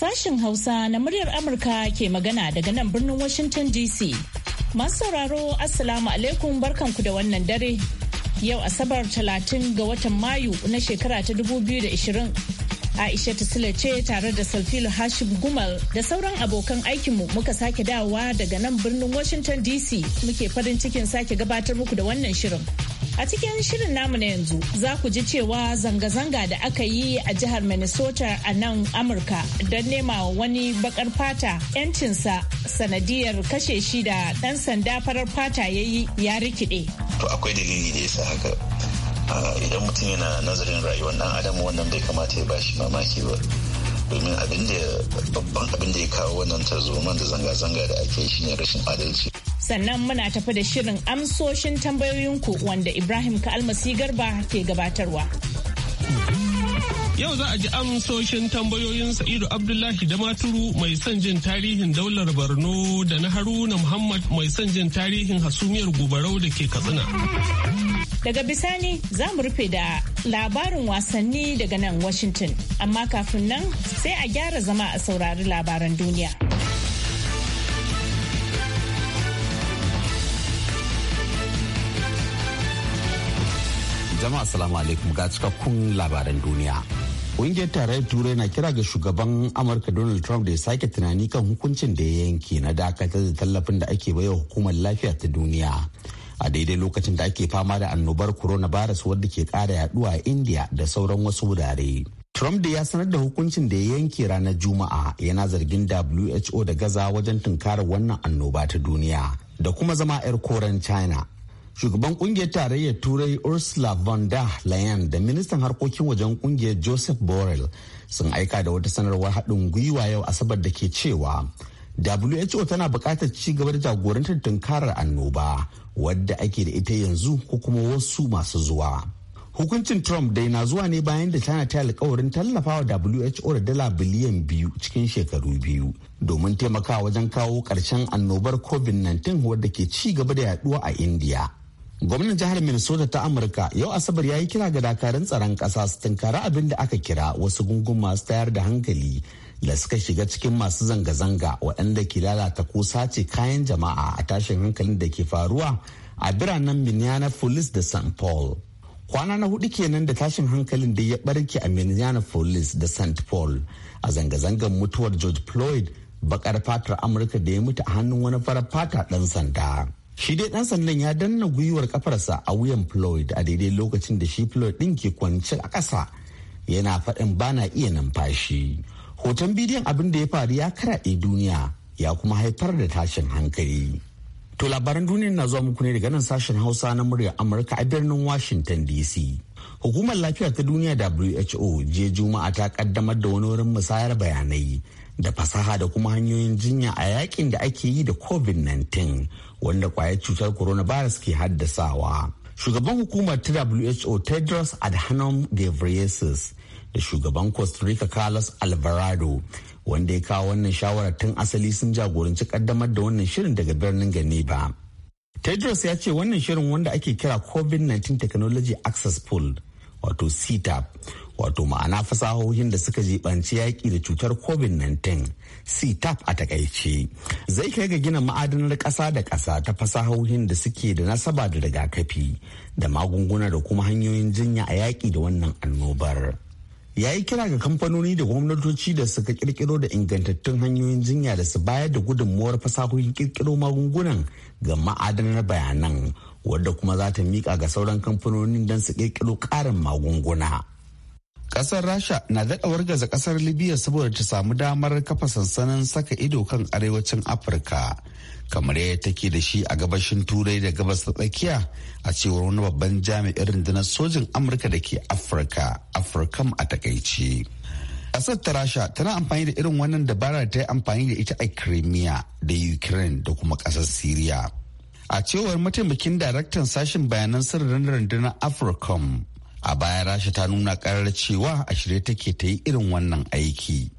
Sashen Hausa na muryar Amurka ke magana daga nan birnin Washington DC. Masu sauraro Assalamu alaikum barkanku da wannan dare. Yau Asabar 30 ga watan Mayu na shekara ta 2020. Aisha Sule ce tare da Salfilu Hashim Gumal da sauran abokan aikinmu muka sake dawowa daga nan birnin Washington DC muke farin cikin sake gabatar muku da wannan shirin. A cikin shirin namu na yanzu za ku ji cewa zanga-zanga da aka yi a jihar Minnesota a nan Amurka don nema wani bakar fata 'yancinsa sanadiyar kashe shi da ɗan sanda farar fata ya yi ya rikide. To akwai dalili da yasa haka. Ah, idan mutum yana nazarin rayuwar ɗan adam wannan bai kamata ya bashi mamaki ba. domin abin da babban abin da ya kawo wannan tarzoman da zanga-zanga da ake shine rashin adalci sannan muna tafi da shirin amsoshin tambayoyinku wanda ibrahim ka almasi garba ke gabatarwa Yau za a ji amsoshin tambayoyin Sa'idu Abdullahi da Maturu mai son jin tarihin daular Borno da na Haruna Muhammad mai son jin tarihin hasumiyar gubarau da ke Katsina. Daga bisani za mu rufe da labarin wasanni daga nan Washington, amma kafin nan sai a gyara zama a saurari labaran duniya. Jama'a salamu alaikum ga cikakkun labaran duniya. Ƙungiyar tarayyar Turai na kira ga shugaban Amurka Donald Trump da ya sake tunani kan hukuncin da ya yanke na dakatar da tallafin da ake baiwa hukumar lafiya ta duniya. A daidai lokacin da ake fama da annobar corona coronavirus wadda ke kara yaduwa a India da sauran wasu wurare. Trump da ya sanar da hukuncin da ya yanke ranar Juma'a yana zargin WHO da gaza wajen tunkarar wannan annoba ta duniya da kuma zama 'yar koren China shugaban kungiyar tarayyar turai ursula von der leyen da ministan harkokin wajen kungiyar joseph borrell sun aika da wata sanarwar haɗin gwiwa yau asabar da ke cewa who tana buƙatar ci gaba da jagorantar tunkarar annoba wadda ake da ita yanzu ko kuma wasu masu zuwa hukuncin trump dai na zuwa ne bayan da tana ta alkawarin wa who da dala biliyan biyu cikin shekaru biyu domin taimakawa wajen kawo ƙarshen annobar covid-19 wadda ke ci gaba da yaduwa a india gwamnan jihar minnesota ta amurka yau asabar ya yi kira ga dakarun tsaron ƙasa su tunkari abin da aka kira wasu gungun masu tayar da hankali da suka shiga cikin masu zanga-zanga waɗanda ke lalata ko sace kayan jama'a a tashin hankalin da ke faruwa a biranen minneapolis da st paul kwana na hudu kenan da tashin hankalin da ya barke a minneapolis da st paul a zanga-zangar mutuwar george floyd bakar fatar amurka da ya mutu a hannun wani farar fata ɗan sanda Shi dai ɗan sannan ya danna gwiwar kafarsa a wuyan Floyd a daidai lokacin da shi Floyd ɗin ke kwance a ƙasa yana faɗin bana iya numfashi. Hoton bidiyon abin da ya faru ya karaɗe duniya ya kuma haifar da tashin hankali. To labaran duniya na zuwa muku ne daga nan sashen Hausa na murya Amurka a birnin Washington DC. Hukumar lafiya ta duniya WHO jiya Juma'a ta kaddamar da wani wurin musayar bayanai da fasaha da kuma hanyoyin jinya a yakin da ake yi da covid-19 wanda kwayar cutar corona coronavirus ke haddasawa shugaban hukumar ta who tedros adhanom ghebreyesus da shugaban costa rica carlos alvarado wanda ya kawo wannan shawarar tun asali sun jagoranci kaddamar da wannan shirin daga birnin geneva tedros ya ce wannan shirin wanda ake kira covid-19 technology access pool wato ctap wato ma'ana fasahohin da suka jibanci yaƙi da cutar covid-19 ctap a takaice zai kai ga gina ma'adanar ƙasa da ƙasa ta fasahohin da suke da nasaba da rigakafi da magunguna da kuma hanyoyin jinya a yaƙi da wannan annobar ya yi kira ga kamfanoni da gwamnatoci da suka kirkiro da ingantattun hanyoyin jinya da su bayar da gudunmuwar fasahohin kirkiro magungunan ga ma'adanar bayanan wadda kuma za ta miƙa ga sauran kamfanonin don su kirkiro ƙarin magunguna. Kasar Rasha na daɗa wargaza kasar Libya saboda ta samu damar kafa sansanin saka ido kan arewacin Afirka kamar yadda take da shi a gabashin Turai da gabas ta tsakiya a cewar wani babban jami'in rundunar sojin Amurka da ke Afirka, Afirkam a takaici. Kasar ta Rasha tana amfani da irin wannan dabara ta yi amfani da ita a Crimea da Ukraine da kuma kasar Syria. A cewar mataimakin daraktan sashin bayanan sirrin rundunar Afirkam. a baya rasha ta nuna karar cewa a shirye take ta yi irin wannan aiki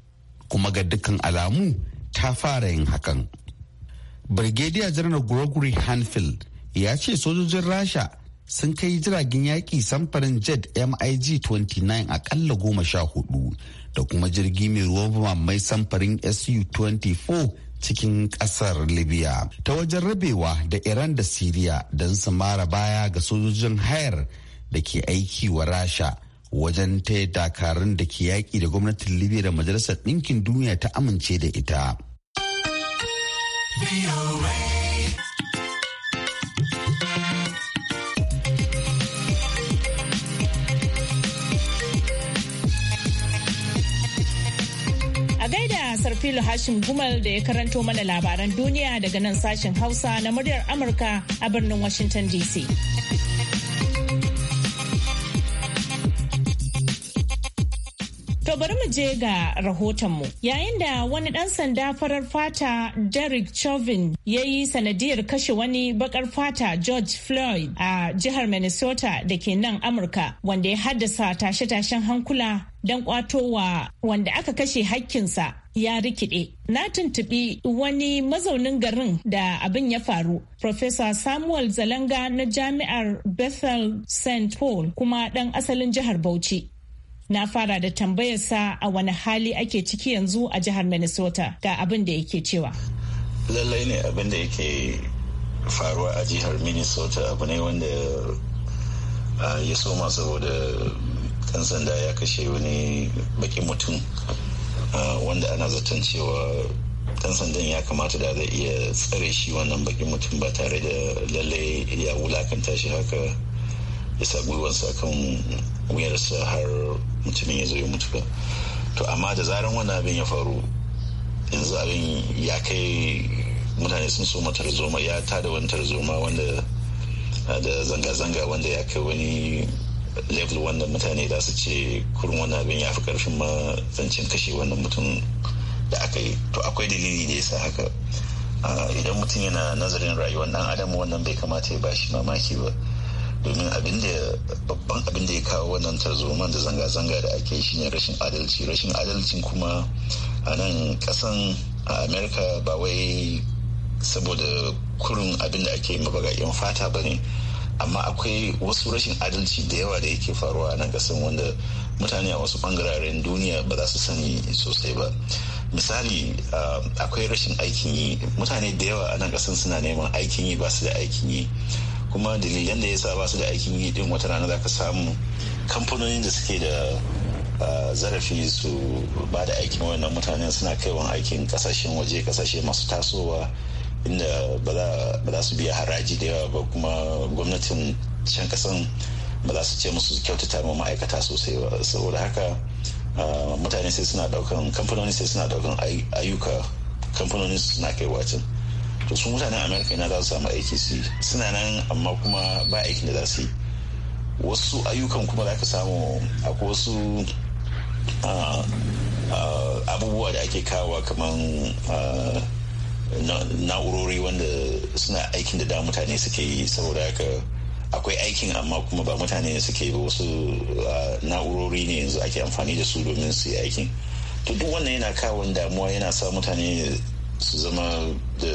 kuma ga dukkan alamu ta fara yin hakan brigadier general gregory hanfield ya ce sojojin rasha sun kai jiragen yaƙi samfarin jet mig 29 akalla goma sha hudu da kuma jirgi mai ruwan mai samfarin su 24 cikin ƙasar libya ta wajen rabewa da iran da syria don su mara baya ga sojojin hayar da ke aiki wa rasha wajen taya dakarun da ke yaƙi da gwamnatin libya da majalisar ɗinkin duniya ta amince da ita a gaida hashim gumal da ya karanto mana labaran duniya daga nan sashen hausa na muryar amurka a birnin washington dc To bari mu je ga rahotonmu. Yayin da wani ɗan sanda farar fata Derek Chauvin ya yi sanadiyar kashe wani bakar fata George Floyd a jihar Minnesota da ke nan Amurka wanda ya haddasa tashe-tashen hankula don kwatowa wanda aka kashe hakkinsa ya rikide. Na tuntuɓi wani mazaunin garin da abin ya faru, Professor Samuel Zalanga na Jami'ar Bethel St. Paul kuma ɗan asalin jihar Bauchi. na fara da tambayarsa a wani hali ake ciki yanzu a jihar minnesota ga abin da yake cewa lallai ne abin da yake faruwa a jihar minnesota abu ne wanda ya soma saboda kan sanda ya kashe wani baki mutum wanda ana zaton cewa dan sandan ya kamata da zai iya tsare shi wannan bakin mutum ba tare da lallai ya wulakanta shi haka ya sa gwiwansa kan wuyarsa har mutumin ya zo ya mutu ba to amma da zaran wani abin ya faru yanzu abin ya kai mutane sun so tarzoma ya ta da wani tarzoma wanda ah, da zanga-zanga wanda ya kai wani level wanda mutane da su ce kurin wani abin ya fi karfin ma zancen kashe wannan mutum da aka yi to akwai dalili da ya sa haka ah, idan mutum yana nazarin rayuwar dan adam wannan bai kamata ya bashi mamaki ba domin abin da babban abin da ya kawo wannan tarzoman da zanga-zanga da ake ne rashin adalci rashin adalcin kuma a nan kasan a amerika ba wai saboda kurin abin da ake yan fata ba ne amma akwai wasu rashin adalci da yawa da yake faruwa a nan kasan wanda mutane a wasu bangararen duniya ba za su sani sosai ba misali akwai rashin aikin yi mutane da yawa a nan kasan suna neman aikin yi ba su da aikin yi kuma dalilan da yasa ba su da aikin yi din wata rana ka samu kamfanonin da suke da zarafi su ba da aikin wannan mutane suna kaiwan aikin kasashen waje kasashe masu tasowa inda ba za su biya haraji da yawa ba kuma gwamnatin can kasan ba za su ce musu kyautata ma ma'aikata sosai ba saboda haka mutane sai suna daukan kamfanoni sai suna daukan ayyuka kamfanoni suna kai wacin to su mutanen america na za su samu aiki su suna nan amma kuma ba aikin da za su yi wasu ayyukan kuma za ka samu akwai wasu abubuwa da ake kawowa kamar na'urori wanda suna aikin da da mutane suke yi saboda haka akwai aikin amma kuma ba mutane suke yi wasu na'urori ne yanzu ake amfani da su domin su yi aikin to duk wannan yana kawo damuwa yana sa mutane su zama da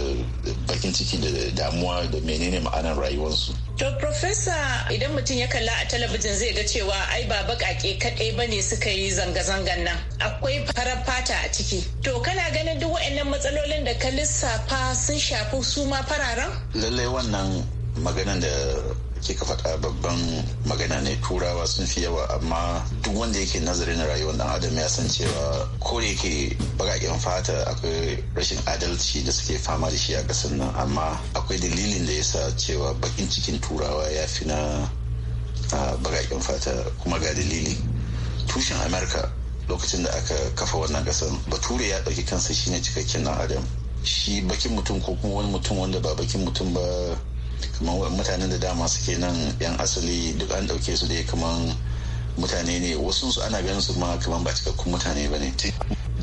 bakin ciki da damuwa da menene ma'anar rayuwarsu. To Profesa idan mutum ya kalla a talabijin zai ga cewa ai ba bakake kaɗai ba ne suka yi zanga-zangan nan akwai farar fata a ciki. To kana ganin duk waɗannan matsalolin da ka lissafa sun shafi su ma fararen? Lallai wannan maganan da kika faɗa babban magana ne turawa sun fi yawa amma duk wanda yake nazarin rayuwar dan adam ya san cewa ko da yake baƙaƙen fata akwai rashin adalci da suke fama da shi a ƙasar nan amma akwai dalilin da ya sa cewa bakin cikin turawa ya fi na baƙaƙen fata kuma ga dalili tushen amerika lokacin da aka kafa wannan ƙasar bature ya ɗauki kansa shine cikakken dan adam shi bakin mutum ko kuma wani mutum wanda ba bakin mutum ba kamar mutanen da dama suke nan yan asali duk an dauke su dai kamar mutane ne wasu su ana ganin su ma kamar ba cikakkun mutane ba ne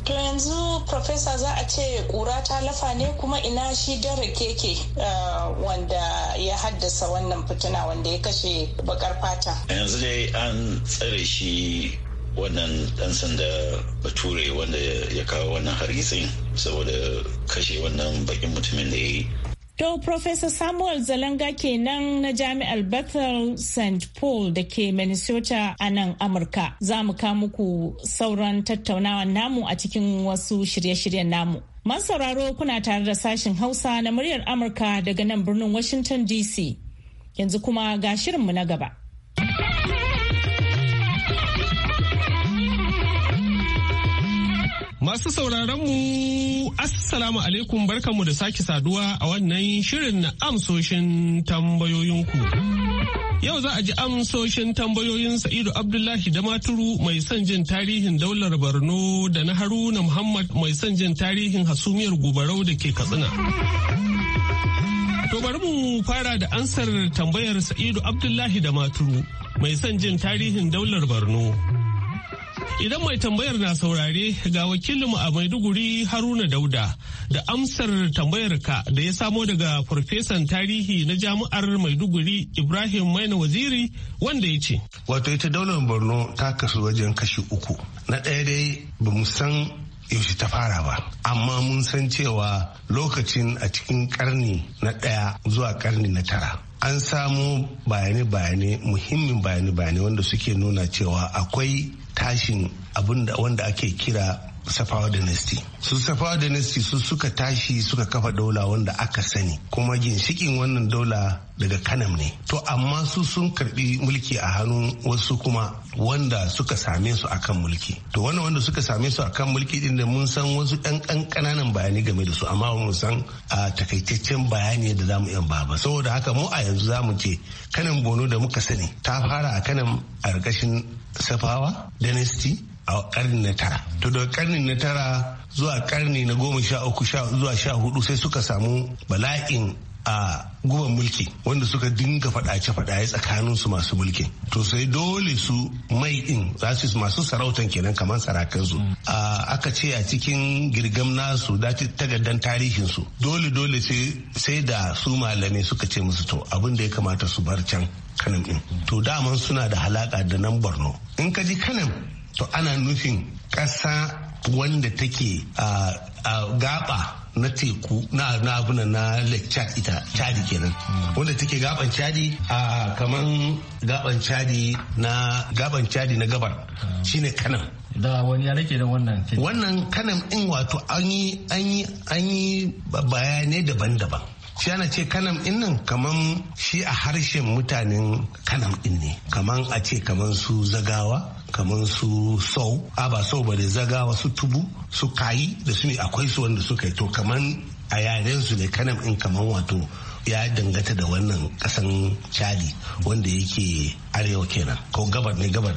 to yanzu profesa za a ce ƙura ta lafa ne kuma ina shi dare keke eh, wanda ya haddasa wannan fitina wanda ya kashe bakar fata yanzu dai an tsare shi wannan dan sanda bature wanda ya kawo wannan hargitsin saboda kashe wannan bakin mutumin da ya yi To, Professor Samuel Zalanga kenan na Jami'ar Bethel St. Paul da ke Minnesota a nan Amurka. Za mu muku sauran tattaunawa namu a cikin wasu shirye-shiryen namu. man sauraro kuna tare da sashin Hausa na muryar Amurka daga nan birnin Washington DC. Yanzu kuma ga shirinmu na gaba. Masu sauraron mu Assalamu alaikum barkanmu da sake saduwa a wannan shirin na amsoshin tambayoyinku. Yau za a ji amsoshin tambayoyin Sa'idu Abdullahi da Maturu mai son jin tarihin daular Borno da na Haruna Muhammad mai son jin tarihin hasumiyar gubarau da ke Katsina. To bari mu fara da ansar tambayar Sa'idu Abdullahi da Maturu mai son jin tarihin daular Borno. Idan mai tambayar na saurare ga wakilinmu a Maiduguri Haruna Dauda da amsar tambayar ka da ya samo daga farfesan tarihi na jami'ar Maiduguri Ibrahim Maina Waziri wanda ya ce. Wato ita daular Borno ta kasu wajen kashi uku. Na ɗaya dai ba mu san yaushe ta fara ba amma mun san cewa lokacin a cikin karni na ɗaya zuwa karni na tara an samu bayani bayani muhimmin bayani bayani wanda suke nuna cewa akwai tashin abin wanda ake kira safawa dynasty su safawa dynasty su suka tashi suka kafa daula wanda aka sani kuma ginshikin wannan daula daga kanam ne to amma su sun karbi mulki a hannun wasu kuma wanda suka same su akan mulki to wannan wanda suka same su akan mulki din da mun san wasu ɗan ƙan ƙananan bayani game da su amma mun san a takaitaccen bayani da zamu iya ba ba saboda haka mu a yanzu zamu ce kanan bono da muka sani ta fara a kanan a ƙarƙashin safawa dynasty a karni na tara to daga karni na tara zuwa karni na goma sha uku zuwa sha hudu sai suka samu bala'in a guban mulki wanda suka dinga faɗace faɗaye tsakanin su masu mulki to sai dole su mai in za su masu sarautan kenan kamar sarakan su aka ce a cikin girgam nasu dace tagaddan tarihin su dole dole sai da su malamai suka ce musu to abin da ya kamata su bar can kanan din to daman suna da halaka da nan borno in ka ji kanan to ana nufin ƙasa wanda take a gaba na teku na abuna na lake chad ita chadi kenan wanda take gaban chadi a kaman gaban chadi na gaban chadi na gabar shine kanan da wani ya nake da wannan wannan kanan in wato an yi an yi an yi bayanai daban-daban shi ana ce kanam din nan kaman shi a harshen mutanen kanam din ne kaman a ce kaman su zagawa kamar su sau a ba sau ba da zagawa su tubu su kayi da su ne akwai su wanda suka yi to kamar a yaren su ne kanan in kamar wato ya dangata da wannan kasan chali wanda yake arewa kenan ko gabar ne gabar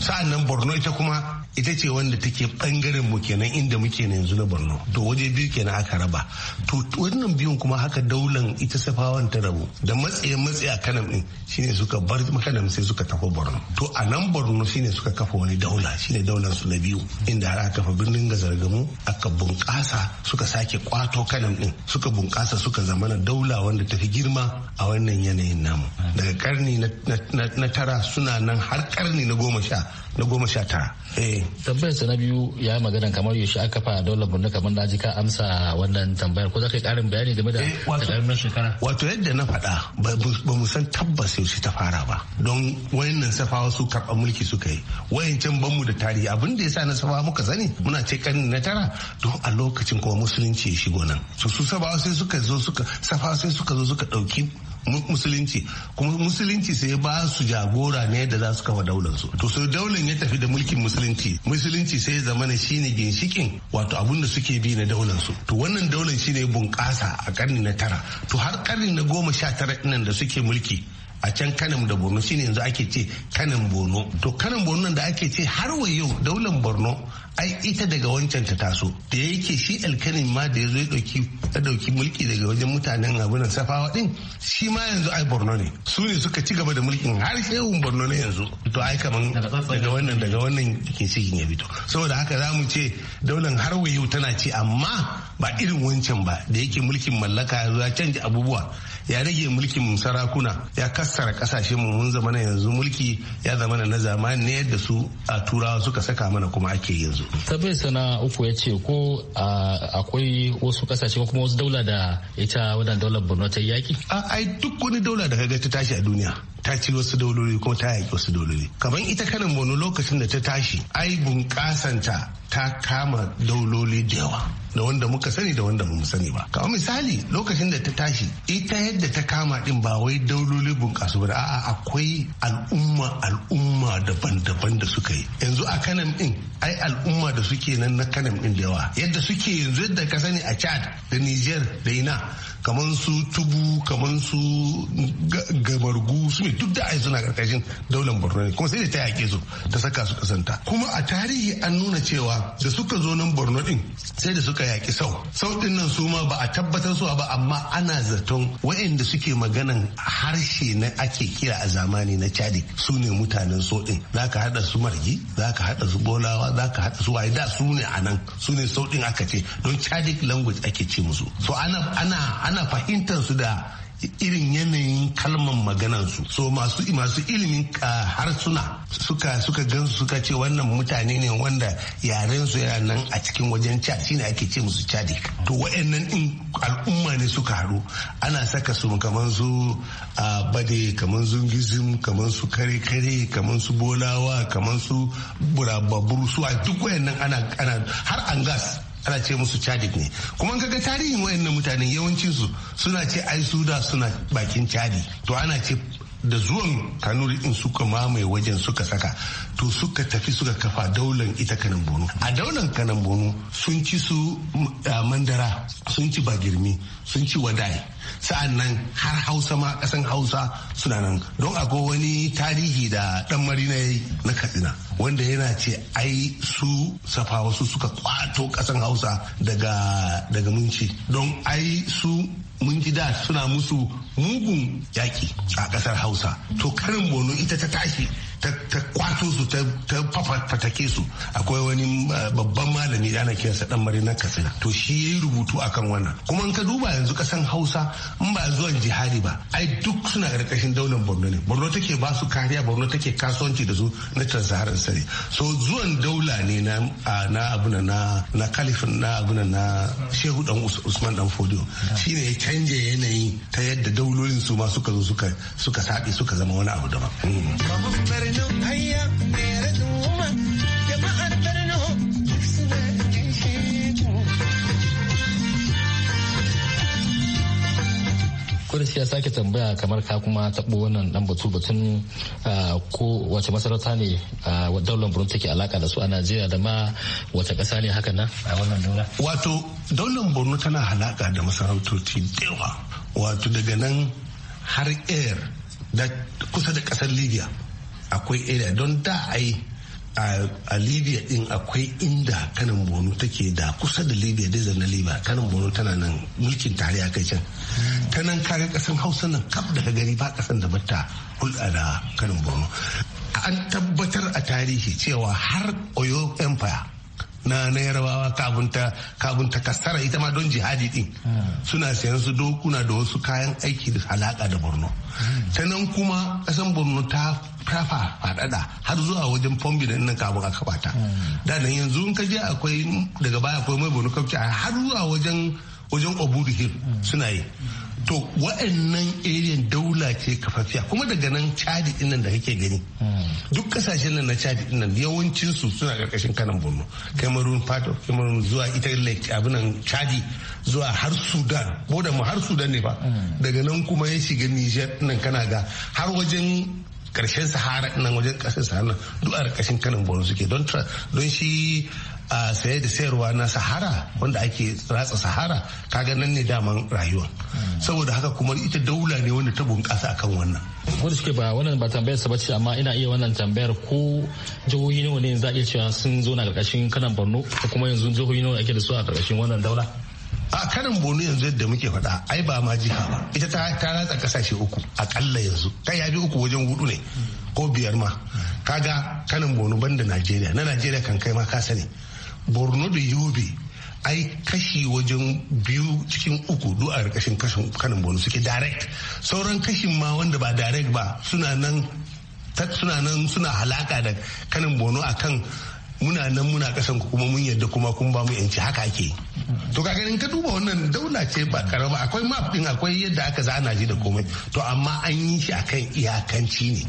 sa'an nan borno ita kuma ita ce wanda take bangaren mu kenan inda muke na yanzu na borno to waje biyu kenan aka raba to wannan biyun kuma haka daulan ita safawan ta rabu da matsaye matsaye a kanam din shine suka bar kanam sai suka tafi borno to a nan borno shine suka kafa wani daula shine daular su na biyu inda har aka kafa birnin gazargamu aka bunkasa suka sake kwato kanam din suka bunkasa suka zama na daula wanda tafi girma a wannan yanayin namu daga karni na tara suna nan har karni na goma sha na goma sha tara eh, tambayar sa na biyu ya yi magana kamar yaushe aka fa dole bunne kamar da ka amsa wannan tambayar ko za ka yi karin bayani game da eh, tsakanin shekara wato yadda na faɗa ba mu san tabbas yaushe ta fara ba don wayannan safawa su karɓar mulki suka yi wayancan ban mu da tarihi abin da yasa na safawa muka sani muna ce karni na tara don a lokacin kuma musulunci ya shigo nan su su safawa sai suka zo suka safawa sai suka zo suka ɗauki musulunci kuma musulunci sai ba su jagora ne da za su kafa daular su to sai daular ya tafi da mulkin musulunci musulunci sai ya zama shine ginshikin wato abun da suke bi na daular su to wannan daular shine bunƙasa a karni na tara to har karni na goma sha tara nan da suke mulki a can kanin da borno shine yanzu ake ce kanin borno to kanin borno da ake ce har wa yau daular borno ai ita daga wancan ta taso da yake shi alkanin ma da ya zo ya dauki mulki daga wajen mutanen abunan safawa din shi ma yanzu ai borno ne su ne suka ci gaba da mulkin har shehun borno ne yanzu to ai kaman daga wannan daga wannan ke cikin ya fito saboda haka za mu ce daular har wa yau tana ci amma ba irin wancan ba da yake mulkin mallaka ya canja abubuwa ya rage mulkin sarakuna ya kasa fassara kasashe mu mun zama na yanzu mulki ya zama na zamani ne yadda su a turawa suka saka mana kuma ake yanzu sabbin sana uku ya ce ko akwai wasu kasashe ko kuma wasu daula da ita wadanda daular borno ta yaki a ai duk wani daula da ga ta tashi a duniya ta ci wasu dauloli ko ta yaƙi wasu dauloli kaman ita kanin wani lokacin da ta tashi ai bunƙasanta ta kama dauloli da yawa da wanda muka sani da wanda bamu sani ba kamar misali lokacin da ta tashi ita yadda ta kama din ba wai dauloli bunƙasu ba a'a akwai al'umma al'umma daban-daban da suka yi yanzu a kanan din ai al'umma da suke nan na kanan din da yawa yadda suke yanzu yadda ka sani a chad da niger da ina kamar su tubu kamar su gamargu su mai duk da ai suna karkashin daular borno ne kuma sai da ta yake su ta saka su kasanta kuma a tarihi an nuna cewa da suka zo nan borno din sai da suka yaki sau sau din nan su ma ba a tabbatar su ba amma ana zaton waɗanda suke maganan harshe na ake kira a zamani na chadi su ne mutanen sau din ka hada su margi za ka hada su bolawa za ka hada su waye da su ne a nan su ne sau din aka ce don chadic language ake ce musu so ana ana ana fahimtar su da irin yanayin kalman maganansu so masu masu ilimin harsuna suka suka gansu suka ce wannan mutane ne wanda yaren su yana nan a cikin wajen chad shine ake ce musu chadi to wayannan din al'umma ne suka haru ana saka su kaman su bade kaman su gizim kaman su kare kare kaman su bolawa kaman su burababuru su a duk wayannan ana ana har an gas ana ce musu chadik ne kuma kaga tarihin wayannan mutane yawancin su suna ce ai su da suna bakin chadi to ana ce da zuwan kanuri in suka mamaye wajen suka saka to suka tafi suka kafa daular ita kanan bono a daular kanan bono sun ci su mandara sun ci bagirmi sun ci wadai sa'an nan har hausa ma kasan hausa suna nan don akwai wani tarihi da dan marina na katsina wanda yana ce ai su safa wasu suka kwato kasan hausa daga daga munci don ai su mun ji da suna musu mugun yaki a kasar hausa to karin bono ita ta tashi ta kwato su ta fatake su akwai wani eh, babban malami da ana kiransa dan na katsina to shi yayi rubutu akan wannan kuma in ka duba yanzu kasan hausa in ba zuwan jihadi ba ai duk suna karkashin daular borno ne borno take ba su kariya borno take kasuwanci da su na transaharan sare so zuwan daula ne na na abuna na na kalifin na abuna na shehu dan usman dan fodio shine ya canje yanayi ta yadda daulolin su ma suka zo suka suka suka zama wani abu daban ya sake tambaya kamar ka kuma taɓo wannan dan batu batun ko wace masarauta ne daular burin take alaka da su a najeriya da ma wace ƙasa ne haka na a wannan daula wato daular borno tana alaka da masarautoci dewa wato daga nan har air da kusa da ƙasar libya akwai area don da ai a libya din akwai inda kanan bono take da kusa da libya dai na libya kanan bono tana nan mulkin tarihi kai can ta nan kare kasan hausa nan kaf daga gari ba kasan da bata hulɗa da kanan bono an tabbatar a tarihi cewa har oyo empire na naira yarbawa kabunta kasara ita ma don jihadi din ah. suna sayan su dokuna da wasu kayan aiki da alaka da borno hmm. ta nan kuma kasan borno ta fafa faɗaɗa har zuwa wajen fombi da nan kafin aka bata hmm. da nan yanzu in ka je akwai daga baya akwai mai borno kafci har zuwa wajen wajen obudu hill hmm. suna yi to wa'annan eriyan daula ce kafafiya kuma daga nan chadi dinnan da kake gani hmm. duk kasashen nan na chadi dinnan yawancin su suna karkashin kanan borno cameroon part zuwa ita lake abinan cadi zuwa har sudan boda mu har sudan ne ba. Hmm. daga nan kuma ya shiga nijar nan kana ga har wajen karshen sahara nan wajen kasar sahara duk a ƙarƙashin kanan borno suke don don shi a saye da sayarwa na sahara wanda ake ratsa sahara kaga nan ne daman rayuwa saboda haka kuma ita daula ne wanda ta bunƙasa akan wannan wanda suke ba wannan ba tambayar sa bace amma ina iya wannan tambayar ko jihohi nawa ne za a iya cewa sun zo na karkashin kanan borno ko kuma yanzu jihohi nawa ake da su a karkashin wannan daula a kanin bono yanzu yadda muke faɗa ai ba ma jiha ba ita ta ta ratsa kasashe uku akalla yanzu kai ya bi uku wajen hudu ne ko biyar ma kaga kanin bono banda najeriya na najeriya kan kai ma ka sani borno da yobe ai kashi wajen biyu cikin uku duk a ƙarƙashin kashin bono suke direct sauran kashin ma wanda ba direct ba suna nan suna nan suna halaka da kanin bono akan muna nan muna kasan ku kuma mun yadda kuma kun ba mu yanci haka ake to ka ganin ka duba wannan daula ce ba karama akwai map din akwai yadda aka zana shi da komai to amma an yi shi akan iyakanci ne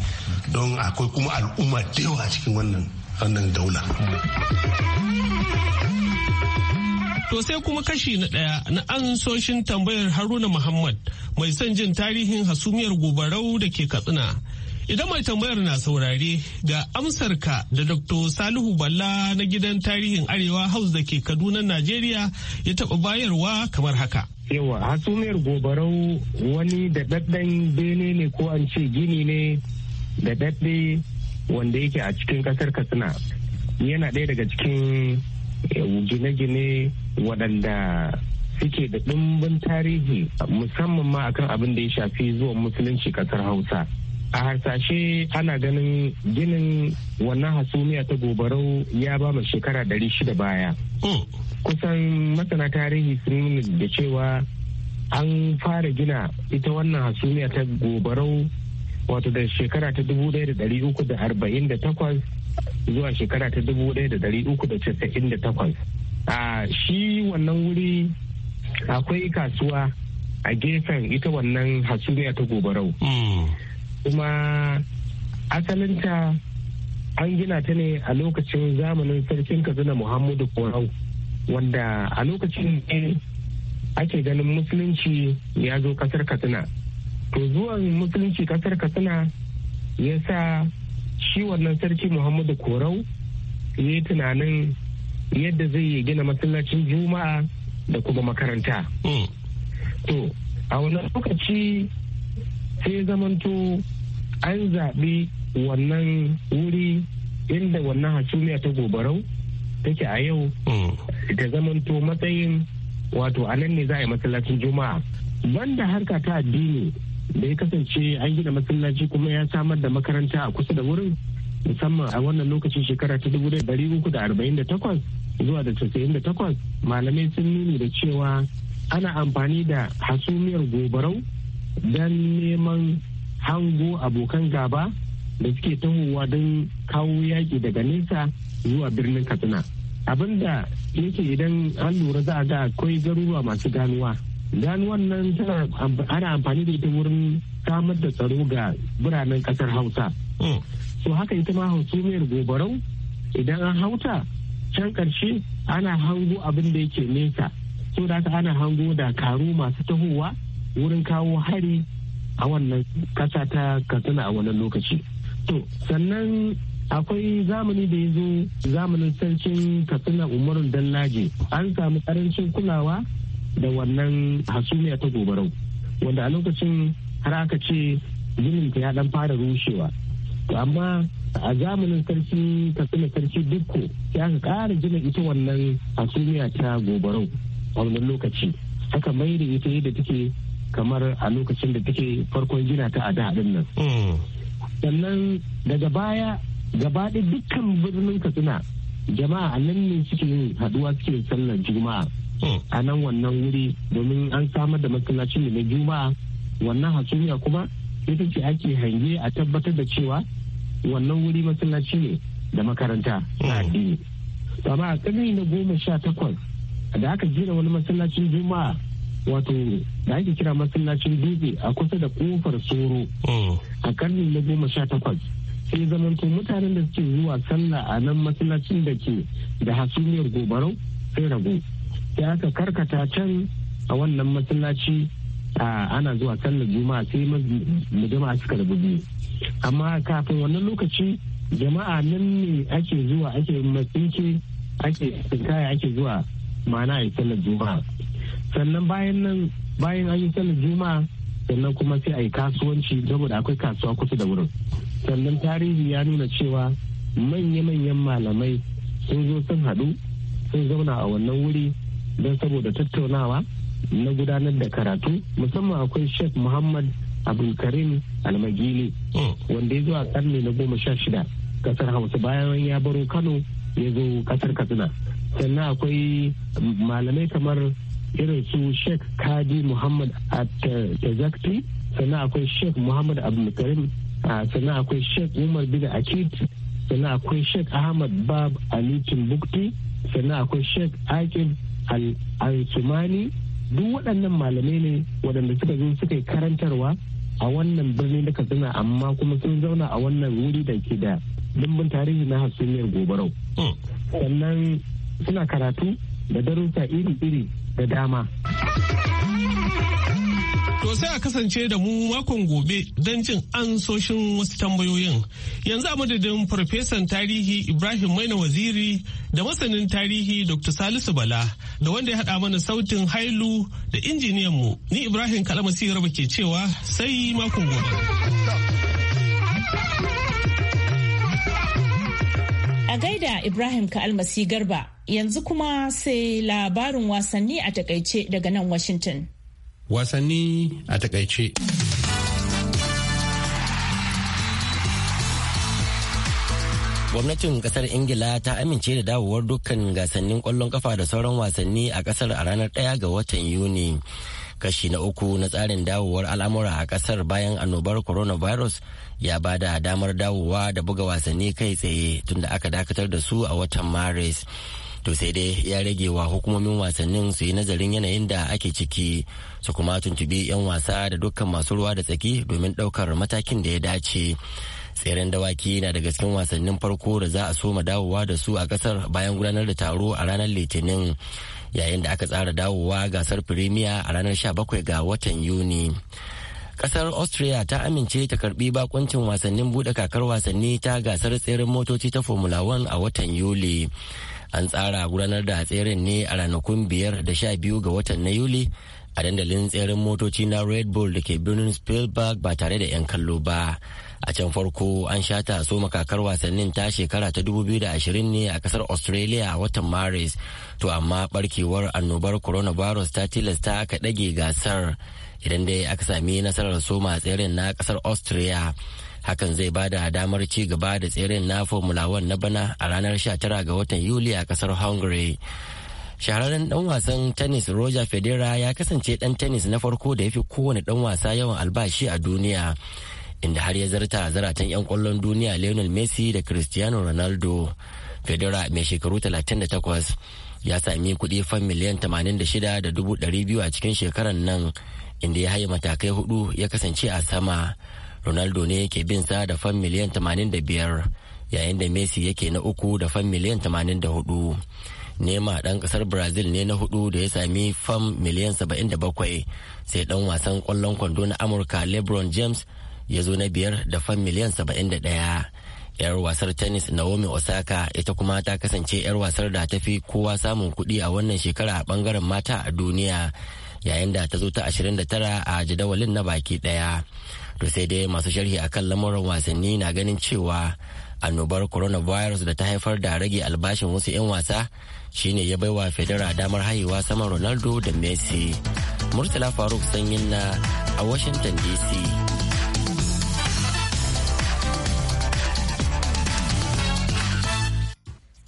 don akwai kuma al'umma da yawa cikin wannan wannan daula To sai kuma kashi na ɗaya na ansoshin tambayar Haruna Muhammad mai son jin tarihin hasumiyar gobarau da ke Katsina Idan mai tambayar na saurare ga amsarka da Dr. Salihu Balla na gidan tarihin Arewa House da ke Kaduna, Najeriya ya taɓa bayarwa kamar haka. Yawa, hasumiyar gobarau wani da daddan bene ne ko an ce gini ne da dadde wanda yake a cikin ƙasar Katsina. Yana ɗaya daga cikin gine-gine waɗanda suke da ɗumbin tarihi musamman ma akan abin da ya shafi zuwan musulunci ƙasar Hausa. a harsashe ana ganin ginin wannan hasumiya ta gobarau ya ba mu shekara ɗari shida baya oh. kusan masana tarihi sun nuna da cewa an fara gina ita wannan hasumiya ta gobarau wato da shekara ta dubu ɗaya da ɗari uku da arba'in da takwas zuwa shekara ta dubu ɗaya da ɗari uku da casa'in da takwas a shi wannan wuri akwai kasuwa a gefen ita wannan hasumiya ta gobarau hmm. kuma asalinta an gina ta ne a lokacin zamanin sarkin kaduna muhammadu korau wanda a lokacin ne ake ganin musulunci ya zo kasar katsina to zuwan musulunci kasar katsina ya sa shi wannan sarki muhammadu korau ya yi tunanin yadda zai yi gina masallacin juma'a da kuma makaranta hmm. to a wannan lokaci sai zamanto an zaɓi wannan wuri inda wannan hasumiya ta gobarau take a yau mm. ta zamanto matsayin wato a nan ne za a yi masallacin juma'a banda harka ta addini da ya kasance an gina masallaci kuma ya samar da makaranta a kusa da wurin musamman a wannan lokacin shekara ta dubu uku da arba'in da takwas zuwa da casa'in da takwas malamai sun nuni da cewa ana amfani da hasumiyar gobarau don neman hango abokan gaba da suke tahowa don kawo yaƙi daga nesa zuwa birnin katsina abin da yake idan an lura za a ga akwai garuruwa masu ganuwa ganuwan nan ana amfani da ita wurin samar da tsaro ga biranen kasar hausa hmm. so haka ita ma hausumiyar gobarau idan an hauta can karshe ana hango abin da yake nesa so da ana hango da karu masu tahowa wurin kawo hari a wannan kasa ta katsina a wannan lokaci to sannan akwai zamani da ya zo zamanin sarkin katsina umarun laje an samu karancin kulawa da wannan hasumiya ta gobarau wanda a lokacin har aka ce ta ya dan fara rushewa to amma a zamanin sarki katsina sarki dukko ya aka kara gina ita wannan hasumiya ta gobarau a wannan lokaci Haka mai da ita yadda take kamar a lokacin da take farkon gina ta a daɗin nan hmm. sannan daga baya gabaɗe dukkan birnin katsina jama'a a nan ne suke yin haduwa suke sallar juma'a hmm. a nan wannan wuri domin an samar da masallacin na juma'a wannan hasumiya kuma ita ce ake hange a tabbatar da cewa wannan wuri masallaci ne da makaranta na hmm. addini amma a na goma sha takwas da aka gina wani masallacin juma'a wato da ake kira masallacin dutse a kusa da kofar soro hmm. a karni na goma sha takwas sai zamanto mutanen da suke zuwa sallah a nan masallacin da ke da hasumiyar gobarau sai rago sai aka karkata can a wannan masallaci ana zuwa sallar juma'a sai jama'a suka rabu biyu amma kafin wannan lokaci jama'a nan ne ake zuwa ake matsinke ake kaya ake zuwa ma'ana a sallar juma'a sannan bayan nan bayan an yi sallar juma'a sannan kuma sai a yi kasuwanci saboda akwai kasuwa kusa da wurin sannan tarihi ya nuna cewa manya-manyan malamai sun zo sun haɗu sun zauna a wannan wuri don saboda tattaunawa na gudanar da karatu musamman akwai sheikh muhammad abdulkarim almagili wanda ya zo a karni na goma sha shida kasar hausa bayan ya baro kano ya zo kasar katsina sannan akwai malamai kamar irin su sheikh kadi muhammad at-tazakti sannan akwai sheikh muhammad abdulkarim sannan akwai sheikh umar bin akid sannan akwai sheikh ahmad bab ali timbukti sannan akwai sheikh akib al-sumani duk waɗannan malamai ne waɗanda suka zo suka yi karantarwa a wannan birni da katsina amma kuma sun zauna a wannan wuri da ke da dimbin tarihi na hasumiyar gobarau hmm. sannan suna karatu da darussa iri-iri da dama. To sai a kasance da mu makon gobe don jin ansoshin wasu tambayoyin. Yanzu a madadin Farfesan Tarihi Ibrahim Maina Waziri da masanin tarihi Dr. Salisu Bala da wanda ya haɗa mana sautin hailu da injiniyanmu ni Ibrahim Kalamasi Garba ke cewa sai makon gobe. Ibrahim Ibrahim Ka'almasi Garba yanzu kuma sai labarin wasanni a takaice daga nan Washington. Wasanni a takaice. Gwamnatin kasar Ingila ta amince da dawowar dukkan gasannin kwallon kafa da sauran wasanni a kasar a ranar ɗaya ga watan Yuni. Kashi na uku na tsarin dawowar al'amura a kasar bayan annobar coronavirus ya ba da damar dawowa da buga wasanni kai tsaye tunda aka dakatar da su a watan maris to sai dai ya rage wa hukumomin wasannin su yi nazarin yanayin da ake ciki su kuma tuntubi 'yan wasa da dukkan masu ruwa da tsaki domin ɗaukar matakin da ya dace tseren dawaki na daga cikin wasannin farko da za a soma dawowa da su a kasar bayan gudanar da taro a ranar litinin yayin da aka tsara dawowa gasar firimiya a ranar 17 ga watan yuni. kasar austria ta amince ta karbi bakuncin wasannin bude kakar wasanni ta gasar tseren motoci ta formula 1 a watan yuli an tsara gudanar da tseren ne a ranakun biyar da sha biyu ga watan na yuli a dandalin tseren motoci na red bull da ke birnin spielberg ba tare da 'yan kallo ba a can farko an sha ta so makakar wasannin ta shekara ta 2020 ne a kasar australia a watan maris to amma barkewar annobar coronavirus ta tilasta aka ɗage gasar idan dai aka sami nasarar soma tseren na kasar austria hakan zai ba da damar ci gaba da tseren na formula 1 na bana a ranar 19 ga watan yuli a kasar hungary shahararren dan wasan tennis roger federer ya kasance dan tennis na farko da ya fi kowane dan wasa yawan albashi a duniya inda har ya zarta zaratan 'yan kwallon duniya lionel messi da cristiano ronaldo federa mai shekaru 38 ya sami kuɗi fan miliyan 86 da dubu a cikin shekarar nan inda ya haye matakai hudu ya kasance a sama ronaldo ne yake bin sa da fan miliyan 85 yayin da messi yake na uku da fan miliyan 84 nema dan kasar brazil ne na hudu da ya sami fam miliyan 77 sai dan wasan kwallon kwando na amurka lebron james ya zo na biyar da fam miliyan 71 yar wasar tennis naomi osaka ita kuma ta kasance yar wasar da ta fi kowa samun kuɗi a wannan shekara a bangaren mata a duniya yayin da ta zo ta 29 a jadawalin na baki daya to sai dai masu sharhi akan lamuran wasanni na ganin cewa annobar coronavirus da ta haifar da rage albashin wasu 'yan wasa shine ya baiwa federa damar haihuwa saman ronaldo da messi murtala faruk sanyin na a washington dc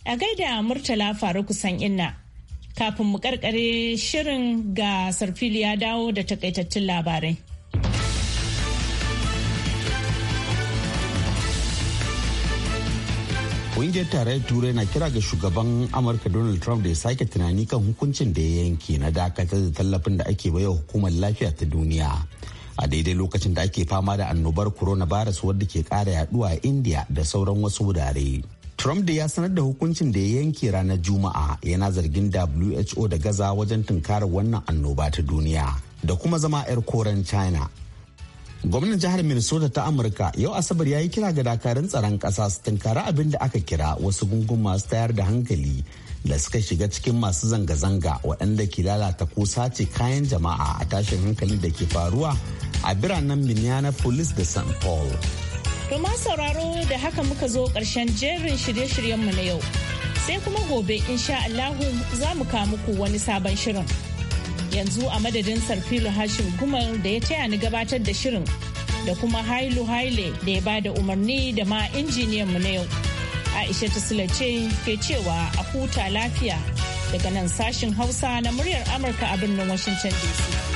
a gaida murtala faruk sanyin na kafin mu karkare shirin ga sarfili ya dawo da takaitattun labarai. Ƙungiyar tarayyar Turai na kira ga shugaban Amurka Donald Trump da ya sake tunani kan hukuncin da ya yanke na dakatar da tallafin da ake baiwa hukumar lafiya ta duniya. A daidai lokacin da ake fama da annobar coronavirus wadda ke kara yaduwa a India da sauran wasu wurare. Trump da ya sanar da hukuncin da ya yanke ranar Juma'a yana zargin WHO da gaza wajen tunkarar wannan annoba ta duniya da kuma zama 'yar koren China. Gwamnan jihar Minnesota ta Amurka yau Asabar ya yi kira ga dakarun tsaron ƙasa su tunkari abin da aka kira wasu gungun masu tayar da hankali da suka shiga cikin masu zanga-zanga waɗanda ke lalata ko sace kayan jama'a a tashin hankalin da ke faruwa a biranen Minneapolis da St. Paul. ma sauraro da haka muka zo ƙarshen jerin shirye-shiryenmu na yau. Sai kuma gobe insha Allahu za mu kawo muku wani sabon shirin. Yanzu a madadin Sarfilu Hashim gumar da ya taya ni gabatar da shirin da kuma Hailu Haile da ya ba da umarni da ma injiniyan mu na yau. Aisha ta ce ke cewa a huta lafiya daga nan sashin Hausa na muryar Amurka a birnin Washington DC.